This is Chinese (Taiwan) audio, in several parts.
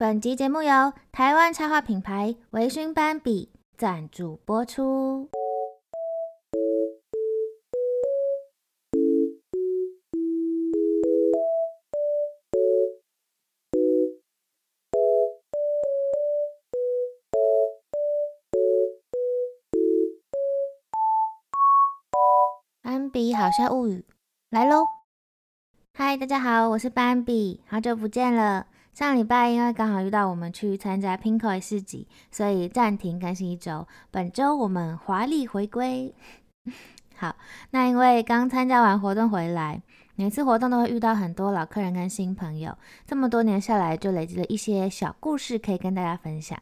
本集節目由台灣插畫品牌微醺斑比贊助播出。斑比好笑物語來嘍！嗨，大家好，我是斑比，好久不見了。上禮拜因為剛好遇到我們去參加 Pinkoi 市集，所以暫停更新一周。本周我們華麗回歸。 好，那因為剛參加完活動回來，每次活動都會遇到很多老客人跟新朋友，這麼多年下來就累積了一些小故事可以跟大家分享。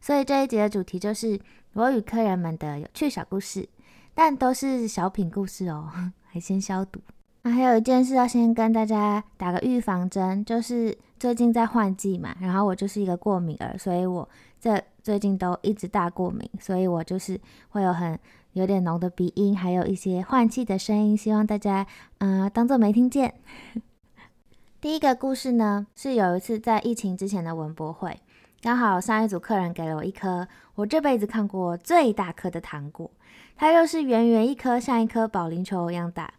所以這一集的主題就是我與客人們的有趣小故事，但都是小品故事哦，還先消毒。那還有一件事要先跟大家打個預防針，就是。最近在換季嘛，然後我就是一個過敏兒，所以我這最近都一直大過敏，所以我就是會有很有點濃的鼻音，還有一些換氣的聲音，希望大家嗯、呃、當做沒聽見。 第一個故事呢，是有一次在疫情之前的文博會，剛好上一組客人給了我一顆我這輩子看過最大顆的糖果，它又是圓圓一顆，像一顆保齡球一樣大，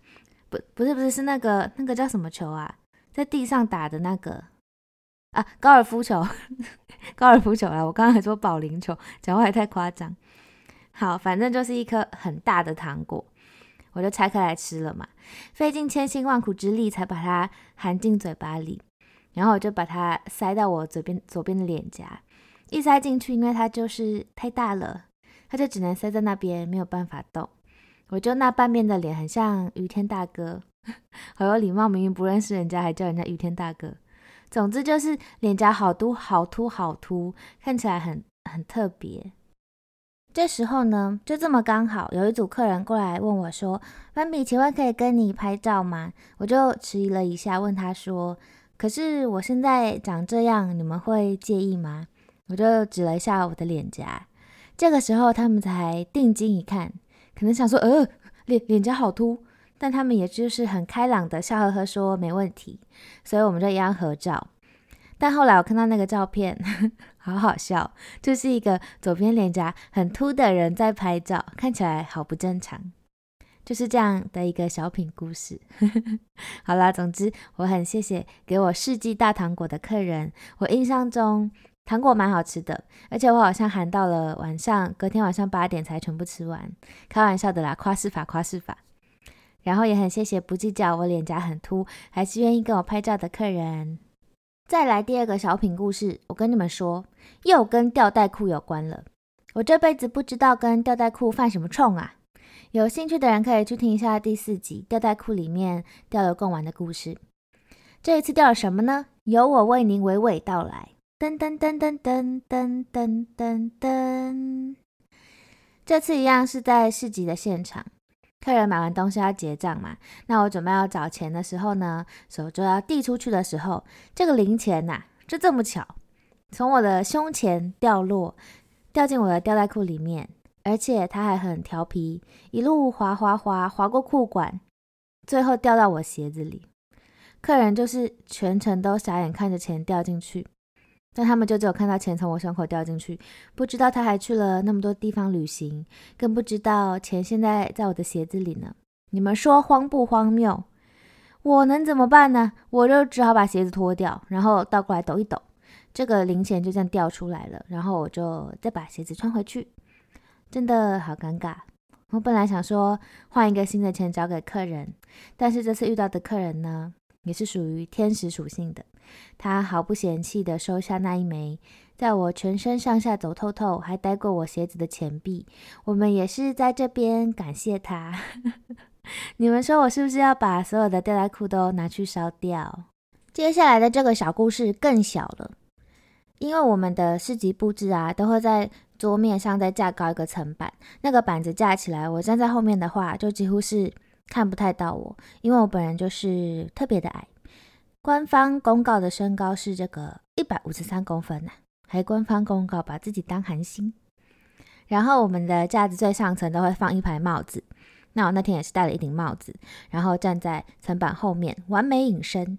不不是不是，是那個那個叫什麼球啊，在地上打的那個。啊，高爾夫球，高爾夫球啦。我剛剛還說保齡球，講話也太誇張。好，反正就是一顆很大的糖果，我就拆開來吃了嘛。費盡千辛萬苦之力才把它含進嘴巴裡，然後我就把它塞到我嘴邊左邊的臉頰。一塞進去，因為它就是太大了，它就只能塞在那邊，沒有辦法動。我就那半邊的臉很像余天大哥， 好有禮貌，明明不認識人家還叫人家余天大哥。總之就是臉頰好凸好凸好凸，好凸，看起來很很特別。這時候呢，就這麼剛好有一組客人過來問我說：“斑比，請問可以跟你拍照嗎？”我就遲疑了一下，問他說：“可是我現在長這樣，你們會介意嗎？”我就指了一下我的臉頰。這個時候他們才定睛一看，可能想說：“呃，臉臉頰好凸。”但他們也就是很開朗的笑呵呵說沒問題，所以我們就一樣合照。但後來我看到那個照片呵呵，好好笑，就是一個左邊臉頰很凸的人在拍照，看起來好不正常。就是這樣的一個小品故事。呵呵好啦，總之我很謝謝給我世紀大糖果的客人。我印象中糖果蠻好吃的，而且我好像含到了晚上，隔天晚上八點才全部吃完。開玩笑的啦，誇飾法，誇飾法。然後也很謝謝不計較我臉頰很凸，還是願意跟我拍照的客人。再來第二個小品故事，我跟你們說，又跟吊帶褲有關了。我這輩子不知道跟吊帶褲犯什麼沖啊！有興趣的人可以去聽一下第四集《吊帶褲》裡面掉了貢丸的故事。這一次掉了什麼呢？由我為您娓娓道來。噔噔噔噔噔噔噔噔噔，這次一樣是在市集的現場。客人買完東西要結賬嘛，那我準備要找錢的時候呢，手就要遞出去的時候，這個零錢吶，就這麼巧，從我的胸前掉落，掉進我的吊帶褲裡面，而且他還很調皮，一路滑滑滑滑過褲管，最後掉到我鞋子裡。客人就是全程都傻眼看着錢掉進去。但他們就只有看到錢從我胸口掉進去，不知道他還去了那麼多地方旅行，更不知道錢現在在我的鞋子裡呢。你們說荒不荒謬？我能怎麼辦呢？我就只好把鞋子脫掉，然後倒過來抖一抖，這個零錢就這樣掉出來了。然後我就再把鞋子穿回去，真的好尷尬。我本來想說換一個新的錢找給客人，但是這次遇到的客人呢，也是屬於天使屬性的，他毫不嫌棄地收下那一枚，在我全身上下走透透還帶過我鞋子的錢幣。我們也是在這邊感謝他， 你們說我是不是要把所有的吊帶褲都拿去燒掉？接下來的這個小故事更小了，因為我們的市集佈置啊，都會在桌面上再架高一個層板，那個板子架起來，我站在後面的話，就幾乎是。看不太到我，因為我本人就是特別的矮。官方公告的身高是這個一百五十三公分吶、啊，還官方公告把自己當韓星。然後我們的架子最上層都會放一排帽子，那我那天也是戴了一頂帽子，然後站在層板後面，完美隱身。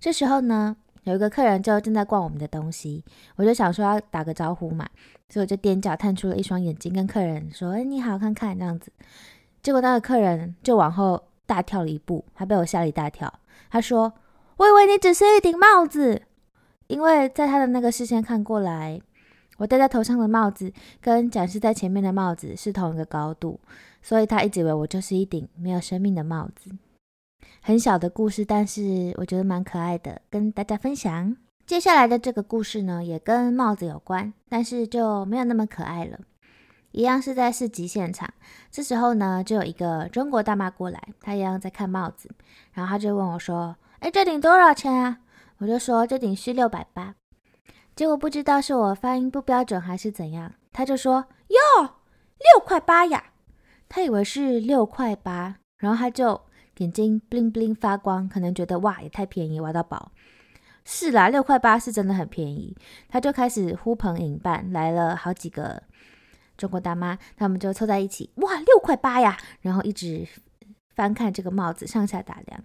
這時候呢，有一個客人就正在逛我們的東西，我就想說要打個招呼嘛，所以我就踮腳探出了一雙眼睛，跟客人說：“誒，你好，看看這樣子。”結果那個客人就往後大跳了一步，還被我嚇了一大跳。他說：“我以為你只是一頂帽子。”因為在他的那個視線看過來，我戴在頭上的帽子跟展示在前面的帽子是同一個高度，所以他一直以為我就是一頂沒有生命的帽子。很小的故事，但是我覺得蠻可愛的，跟大家分享。接下來的這個故事呢，也跟帽子有關，但是就沒有那麼可愛了。一樣是在市集現場，這時候呢，就有一個中國大媽過來，她一樣在看帽子，然後她就問我說：“哎，這頂多少錢啊？”我就說：“這頂是六百八。”結果不知道是我發音不標準還是怎樣，她就說：“喲，六塊八呀！”她以為是六塊八，然後她就眼睛布靈布靈發光，可能覺得哇，也太便宜，挖到寶。是啦，六塊八是真的很便宜，她就開始呼朋引伴，來了好幾個。中國大媽，他們就湊在一起，哇，六塊八呀！然後一直翻看這個帽子，上下打量。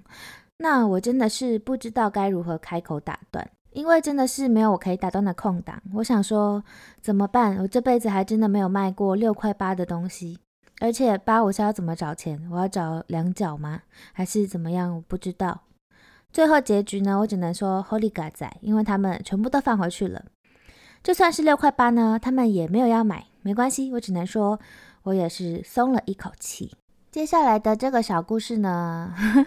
那我真的是不知道該如何開口打斷，因為真的是沒有我可以打斷的空檔。我想說怎麼辦？我這輩子還真的沒有賣過六塊八的東西，而且八我是要怎麼找錢？我要找兩角嗎？還是怎麼樣？我不知道。最後結局呢？我只能說 Holy God 仔，因為他們全部都放回去了。就算是六塊八呢，他們也沒有要買。沒關係，我只能說，我也是鬆了一口氣。接下來的這個小故事呢，呵呵，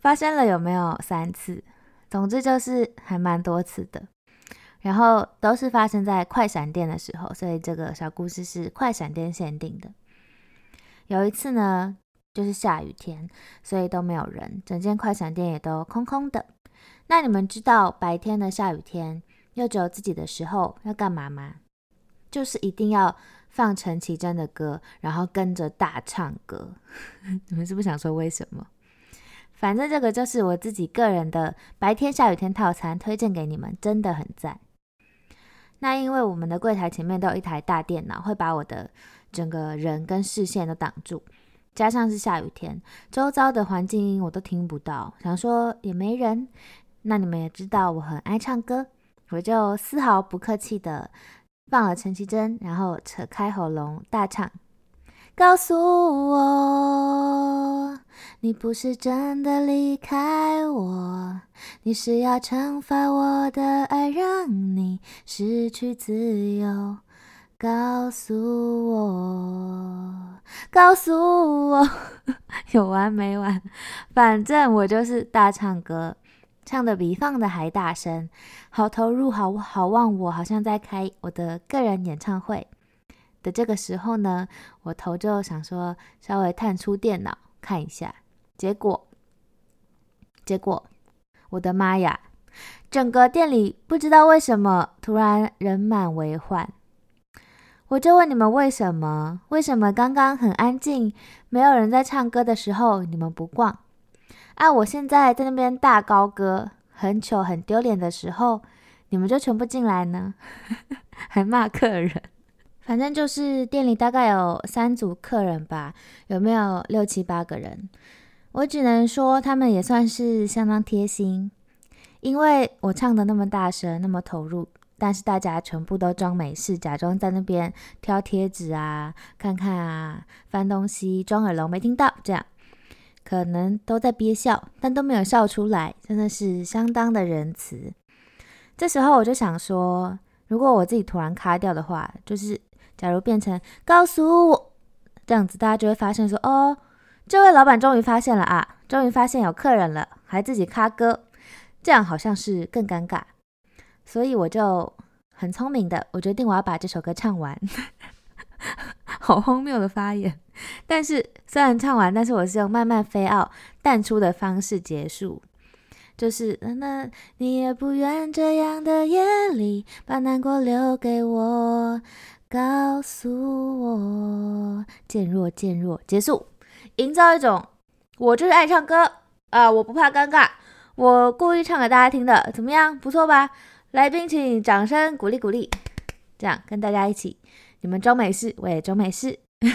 發生了有沒有三次？總之就是還蠻多次的，然後都是發生在快閃店的時候，所以這個小故事是快閃店限定的。有一次呢，就是下雨天，所以都沒有人，整間快閃店也都空空的。那你們知道白天的下雨天又只有自己的時候要幹嘛嗎？就是一定要放陳綺貞的歌，然後跟着大唱歌。 你們是不是想說為什麼？反正這個就是我自己個人的白天下雨天套餐推薦給你們，真的很讚。那因為我們的櫃檯前面都有一台大電腦，會把我的整個人跟視線都擋住，加上是下雨天，周遭的環境音我都聽不到。想說也沒人，那你們也知道我很愛唱歌，我就絲毫不客氣的。放了陳綺貞，然後扯開喉嚨大唱：“告訴我，你不是真的離開我，你是要懲罰我的愛，讓你失去自由。告訴我，告訴我， 有完沒完？反正我就是大唱歌。”唱得比放得還大聲，好投入，好好忘我，好像在開我的個人演唱會的這個時候呢，我頭就想說，稍微探出電腦看一下，結果，結果，我的媽呀，整個店裡不知道為什麼突然人滿為患，我就問你們為什麼？為什麼剛剛很安靜，沒有人在唱歌的時候，你們不逛？哎、啊，我現在在那邊大高歌，很糗很丟臉的時候，你們就全部進來呢， 還罵客人。反正就是店裡大概有三組客人吧，有沒有六七八個人？我只能說他們也算是相當貼心，因為我唱的那麼大聲，那麼投入，但是大家全部都裝沒事，假裝在那邊挑貼紙啊，看看啊，翻東西，裝耳聾沒聽到，這樣。可能都在憋笑，但都沒有笑出來，真的是相當的仁慈。這時候我就想說，如果我自己突然卡掉的話，就是假如變成告訴我這樣子，大家就會發現說，哦，這位老闆終於發現了啊，終於發現有客人了，還自己卡歌，這樣好像是更尷尬。所以我就很聰明的，我決定我要把這首歌唱完。 好荒謬的發言，但是雖然唱完，但是我是用慢慢 fade out 淡出的方式結束，就是那你也不願這樣的夜裡把難過留給我，告訴我，漸弱漸弱結束，營造一種我就是愛唱歌啊，呃，我不怕尷尬，我故意唱給大家聽的，怎麼樣，不錯吧？來賓請掌聲鼓勵鼓勵，這樣跟大家一起。你們裝沒事，我也裝沒事。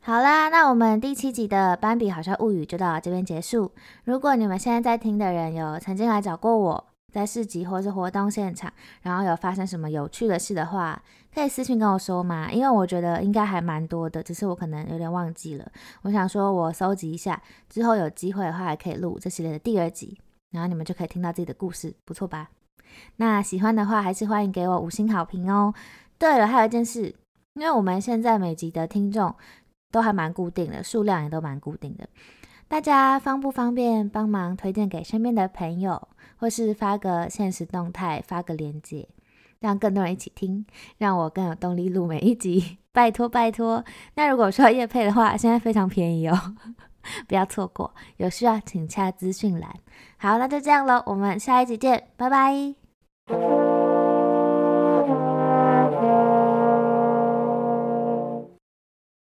好啦，那我們第七集的《斑比好笑物語》就到這邊結束。如果你們現在在聽的人有曾經來找過我在市集或是活動現場，然後有發生什麼有趣的事的話，可以私信跟我說嘛。因為我覺得應該還蠻多的，只是我可能有點忘記了。我想說，我收集一下之後有機會的話，還可以錄這系列的第二集，然後你們就可以聽到自己的故事，不錯吧？那喜歡的話，還是歡迎給我五星好評哦。對了，還有一件事，因為我們現在每集的聽眾都還蠻固定的，數量也都蠻固定的，大家方不方便幫忙推薦給身邊的朋友，或是發個現實動態，發個鏈接，讓更多人一起聽，讓我更有動力錄每一集， 拜托拜托。那如果需要業配的話，現在非常便宜哦， 不要錯過，有需要請洽資訊欄。好，那就這樣咯，我們下一集見，拜拜。